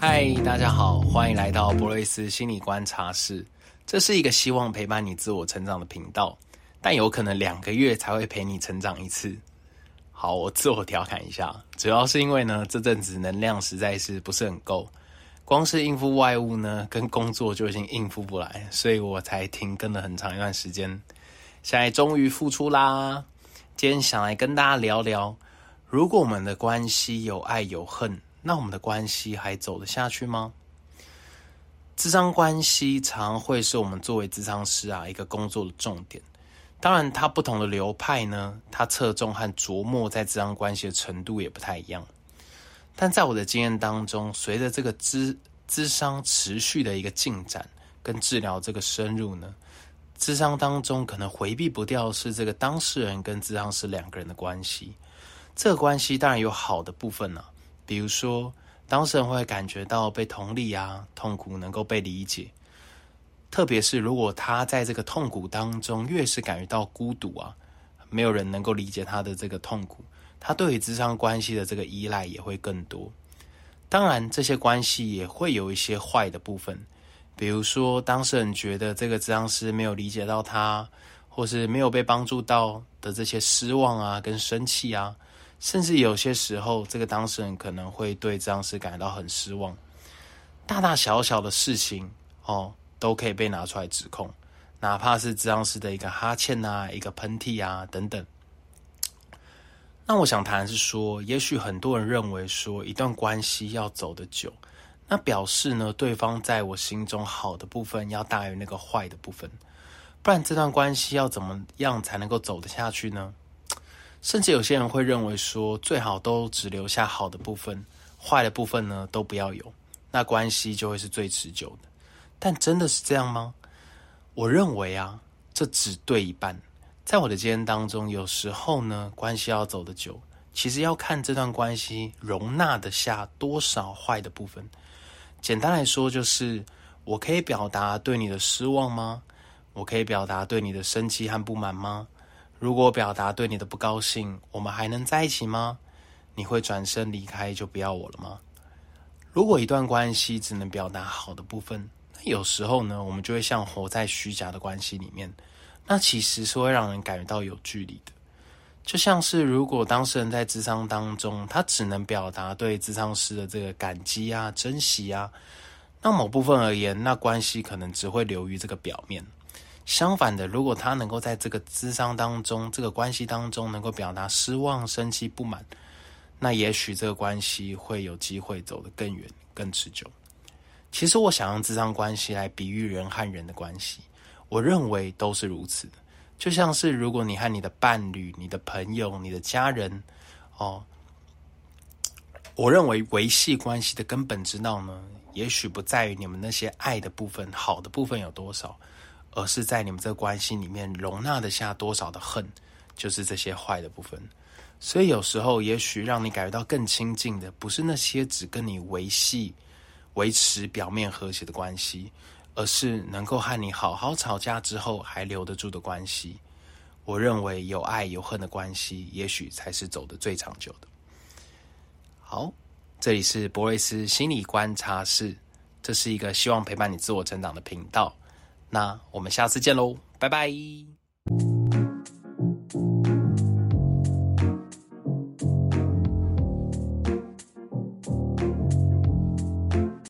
嗨，Hi, 大家好，歡迎來到波瑞斯心理觀察室。這是一個希望陪伴你自我成長的頻道，但有可能兩個月才會陪你成長一次。好，我自我調侃一下，主要是因為呢，這陣子能量實在是不是很夠，光是應付外務呢，跟工作就已經應付不來，所以我才停更了很長一段時間。現在終於復出啦，今天想來跟大家聊聊，如果我們的關係有愛有恨。那我們的關係還走得下去嗎？諮商關係常常會是我們作為諮商師啊，一個工作的重點。當然，它不同的流派呢，它側重和琢磨在諮商關係的程度也不太一樣。但在我的經驗當中，隨着這個諮諮商持續的一個進展跟治療這個深入呢，諮商當中可能回避不掉是這個當事人跟諮商師兩個人的關係。這個關係當然有好的部分呢、啊。比如說，當事人會感覺到被同理啊，痛苦能夠被理解。特別是如果他在這個痛苦當中越是感覺到孤獨啊，沒有人能夠理解他的這個痛苦，他對於諮商關係的這個依賴也會更多。當然，這些關係也會有一些壞的部分，比如說，當事人覺得這個諮商師沒有理解到他，或是沒有被幫助到的這些失望啊，跟生氣啊。甚至有些時候，這個當事人可能會對治療師感到很失望，大大小小的事情哦，都可以被拿出來指控，哪怕是治療師的一個哈欠吶、啊、一個噴嚏啊等等。那我想談是說，也許很多人認為說，一段關係要走得久，那表示呢，對方在我心中好的部分要大於那個壞的部分，不然這段關係要怎麼樣才能夠走得下去呢？甚至有些人會認為說，最好都只留下好的部分，壞的部分呢都不要有，那關係就會是最持久的。但真的是這樣嗎？我認為啊，這只對一半。在我的經驗當中，有時候呢，關係要走得久，其實要看這段關係容納得下多少壞的部分。簡單來說，就是我可以表達對你的失望嗎？我可以表達對你的生氣和不滿嗎？如果表達對你的不高興，我們還能在一起嗎？你會轉身離開就不要我了嗎？如果一段關係只能表達好的部分，那有時候呢，我們就會像活在虛假的關係裡面，那其實是會讓人感覺到有距離的。就像是如果當事人在諮商當中，他只能表達對諮商師的這個感激啊、珍惜啊，那某部分而言，那關係可能只會流於這個表面。相反的，如果他能夠在這個諮商當中、這個關係當中能夠表達失望、生氣、不滿，那也許這個關係會有機會走得更遠、更持久。其實，我想用諮商關係來比喻人和人的關係，我認為都是如此。就像是如果你和你的伴侶、你的朋友、你的家人，哦，我認為維繫關係的根本之道呢，也許不在於你們那些愛的部分、好的部分有多少。而是在你們這個關係裡面容納得下多少的恨，就是這些壞的部分。所以有時候，也許讓你感覺到更親近的，不是那些只跟你維繫、維持表面和諧的關係，而是能夠和你好好吵架之後還留得住的關係。我認為有愛有恨的關係，也許才是走得最長久的。好，這裡是博瑞斯心理觀察室，這是一個希望陪伴你自我成長的頻道。那我們下次見嘍，拜拜。